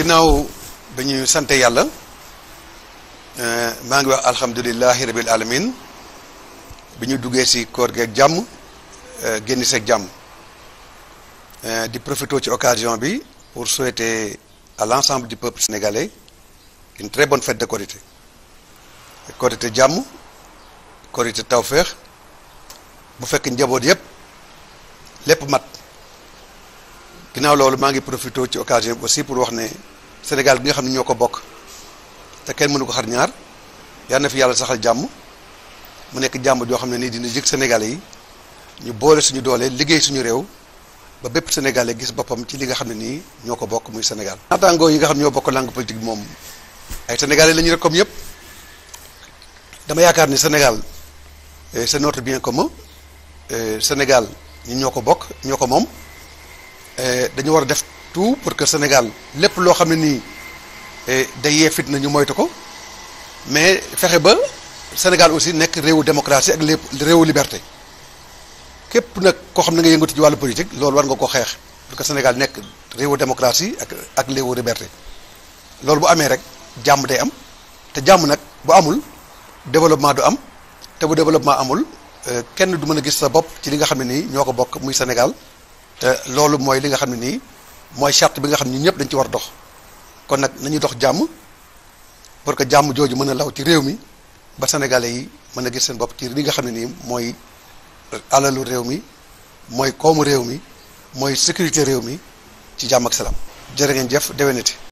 ginnaaw ba ñuy sante yàlla maa ngi wax alhamdulilahi rabil alamin bi ñu duggee si koor geeg jàmm génn seeg jàmm di profité ci occasion bi pour souhaiter à l'ensemble du peuple sénégalais une très bonne fête de Korité Korité jàmm Korité tawféex bu fekk njaboot yépp lépp mat ginaaw loolu maa ngi profité ci occasion bi aussi pour wax ne Sénégal gi nga xam ne ñoo ko bokk te kenn mënu ko xar ñaar yal na fi yàlla saxal jàmm mu nekk jàmm joo xam ne nii dina jig Sénégalais yi ñu boole suñu doolee liggéey suñu réew ba bépp Sénégalais gis boppam ci li nga xam ne nii ñoo ko bokk muy Sénégal. naataangoo yi nga xam ñoo bokk langue politique moom ay Sénégalais la rek comme yëpp dama yaakaar ni Sénégal eh, c'est notre bien commun eh, Sénégal ñi ñoo ko bokk ñoo ko moom. Eh, dañu war a def tout pour que Sénégal lépp loo xam ne nii eh, day yee fitna ñu moytu ko mais fexe ba Sénégal aussi nekk réewu démocratie ak lépp réewu liberté képp nag koo xam ne nga yëngatu ci wàllu politique loolu war nga ko xeex pour que Sénégal nekk réewu démocratie ak ak réewu liberté loolu bu amee rek jàmm day am te jàmm nag bu amul développement du am te bu développement amul eh, kenn du mën a gis sa bopp ci li nga xam ne nii ñoo ko bokk muy Sénégal te loolu mooy li nga xam ne nii mooy chart bi nga xam ne ñëpp dañ ci war dox kon nag nañu dox jàmm pour que jàmm jooju mën a law ci réew mi ba sénégalais yi mën a gis seen bopp ci li nga xam ne nii mooy alalu réew mi mooy koomu réew mi mooy sécurité réew mi ci jàmm ak salaam jërë ngeen jëf déwénati